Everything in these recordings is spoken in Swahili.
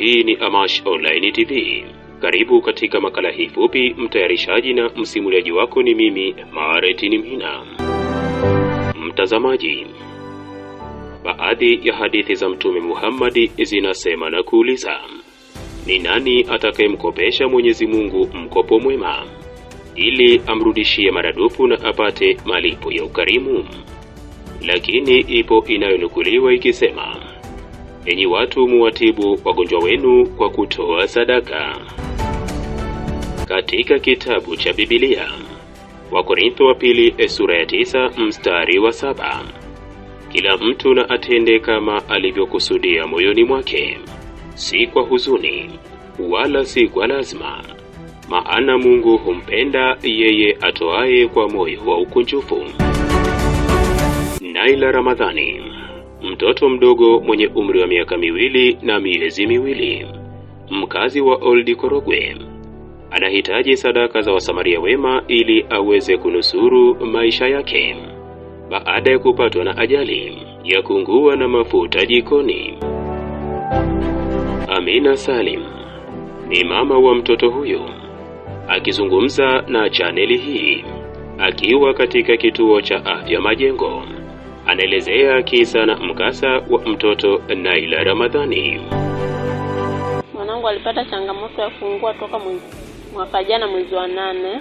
Hii ni Amash Online TV. Karibu katika makala hii fupi. Mtayarishaji na msimuliaji wako ni mimi Maretini Mhina. Mtazamaji, baadhi ya hadithi za Mtume Muhammad zinasema na kuuliza, ni nani atakayemkopesha Mwenyezi Mungu mkopo mwema ili amrudishie maradufu na apate malipo ya ukarimu? Lakini ipo inayonukuliwa ikisema Enyi watu, muwatibu wagonjwa wenu kwa kutoa sadaka. Katika kitabu cha Biblia, Wakorintho wa pili sura ya tisa mstari wa saba kila mtu na atende kama alivyokusudia moyoni mwake, si kwa huzuni wala si kwa lazima, maana Mungu humpenda yeye atoaye kwa moyo wa ukunjufu. Naila Ramadhani mtoto mdogo mwenye umri wa miaka miwili na miezi miwili, mkazi wa Oldi Korogwe, anahitaji sadaka za wasamaria wema ili aweze kunusuru maisha yake baada ya kupatwa na ajali ya kuungua na mafuta jikoni. Amina Salim ni mama wa mtoto huyo akizungumza na chaneli hii akiwa katika kituo cha afya Majengo anaelezea kisa na mkasa wa mtoto Naila Ramadhani. Mwanangu alipata changamoto ya kuungua toka mwaka jana mwezi wa nane,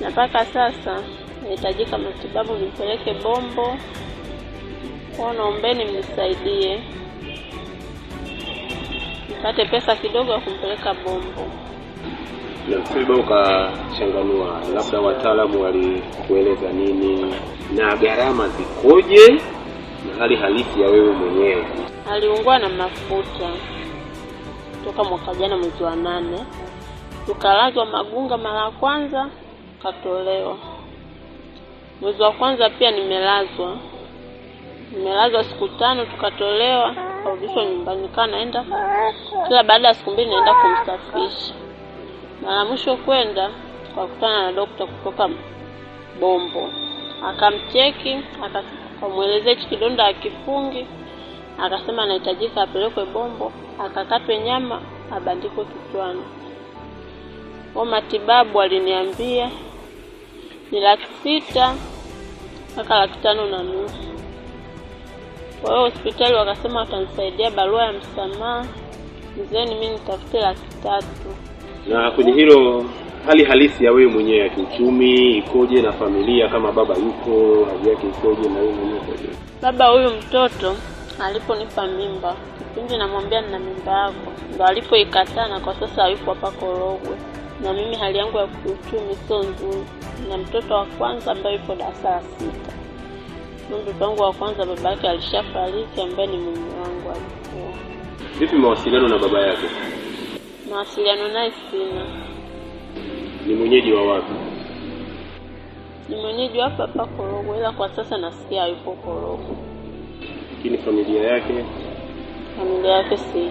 na mpaka sasa nahitajika matibabu, nipeleke Bombo kwao. Naombeni mnisaidie nipate pesa kidogo ya kumpeleka Bombo. Na msiba ukachanganua, labda wataalamu walikueleza nini? na gharama zikoje na hali halisi ya wewe mwenyewe. Aliungua na mafuta toka mwaka jana mwezi wa nane, tukalazwa Magunga mara ya kwanza, katolewa mwezi wa kwanza pia nimelazwa, nimelazwa siku tano, tukatolewa karudishwa nyumbani, kaa naenda kila baada ya siku mbili naenda kumsafisha. Mara mwisho kwenda tukakutana na dokta kutoka Bombo akamcheki akamwelezea hichi kidonda akifungi, akasema anahitajika apelekwe Bombo, akakatwe nyama abandikwe kichwani. Kwa matibabu aliniambia ni laki sita mpaka laki tano na nusu. Kwa hiyo hospitali wakasema watanisaidia barua ya msamaha, mzeni mimi nitafute laki tatu. Na kwenye hilo hali halisi ya wewe mwenyewe ya kiuchumi ikoje, na familia kama baba yuko hali yake ikoje, na wewe mwenyewe baba huyu mtoto aliponipa mimba kipindi namwambia nina mimba yako, ndo alipoikataa, na kwa sasa hayupo hapa Korogwe. Na mimi hali yangu ya kiuchumi sio nzuri, na mtoto wa kwanza ambaye yupo darasa la sita. Mtoto wangu wa kwanza baba yake alishafariki, ambaye ni mume wangu alikuwa. Vipi mawasiliano na baba yake? Mawasiliano naye sina ni mwenyeji wa wapi? Ni mwenyeji wa hapa hapa Korogwe, ila kwa sasa nasikia yupo Korogwe. Lakini familia yake, familia yake sijui.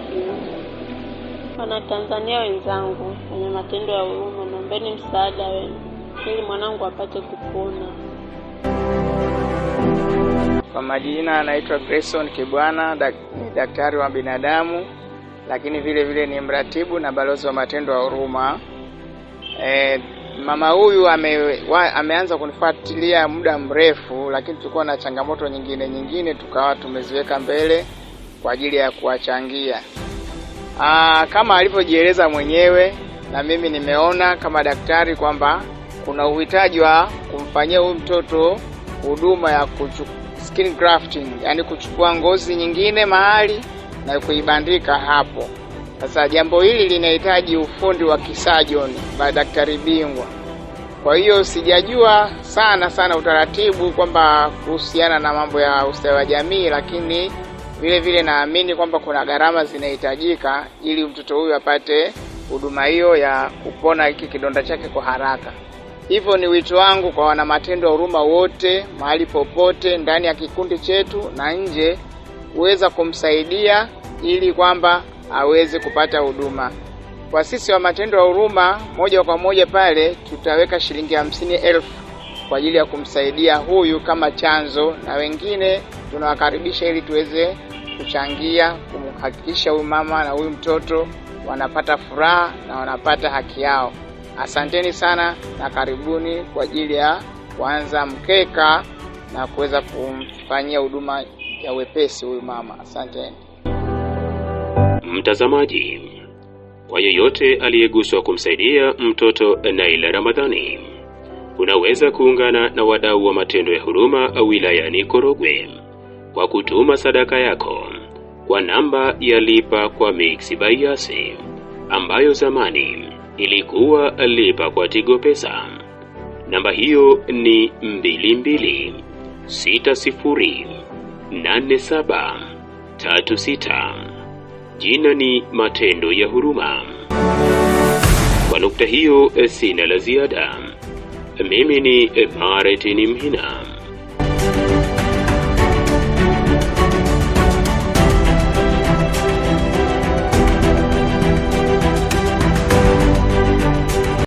Wana Tanzania wenzangu, wenye matendo ya huruma, naombeni msaada wenu ili mwanangu apate kupona. Kwa majina anaitwa Grayson Kibwana, dak, ni daktari wa binadamu lakini vile vile ni mratibu na balozi wa matendo ya huruma eh, mama huyu ame, wa, ameanza kunifuatilia muda mrefu, lakini tulikuwa na changamoto nyingine nyingine tukawa tumeziweka mbele kwa ajili ya kuwachangia. Aa, ah, kama alivyojieleza mwenyewe na mimi nimeona kama daktari kwamba kuna uhitaji wa kumfanyia huyu mtoto huduma ya skin grafting, yani kuchukua ngozi nyingine mahali na kuibandika hapo. Sasa jambo hili linahitaji ufundi wa kisajoni daktari bingwa. Kwa hiyo sijajua sana sana utaratibu kwamba kuhusiana na mambo ya ustawi wa jamii, lakini vile vile naamini kwamba kuna gharama zinahitajika ili mtoto huyu apate huduma hiyo ya kupona hiki kidonda chake kwa haraka. Hivyo ni wito wangu kwa wanamatendo wa huruma wote, mahali popote, ndani ya kikundi chetu na nje, kuweza kumsaidia ili kwamba aweze kupata huduma. Kwa sisi wa matendo ya huruma, moja kwa moja pale tutaweka shilingi hamsini elfu kwa ajili ya kumsaidia huyu kama chanzo, na wengine tunawakaribisha ili tuweze kuchangia kumhakikisha huyu mama na huyu mtoto wanapata furaha na wanapata haki yao. Asanteni sana na karibuni kwa ajili ya kuanza mkeka na kuweza kumfanyia huduma ya wepesi huyu mama. Asanteni. Mtazamaji, kwa yeyote aliyeguswa kumsaidia mtoto Naila Ramadhani, unaweza kuungana na wadau wa matendo ya huruma wilayani Korogwe kwa kutuma sadaka yako kwa namba ya lipa kwa by Yasi ambayo zamani ilikuwa lipa kwa Tigo Pesa. Namba hiyo ni 22608736 Jina ni matendo ya huruma. Kwa nukta hiyo sina la ziada. Mimi ni Maretini Mhina.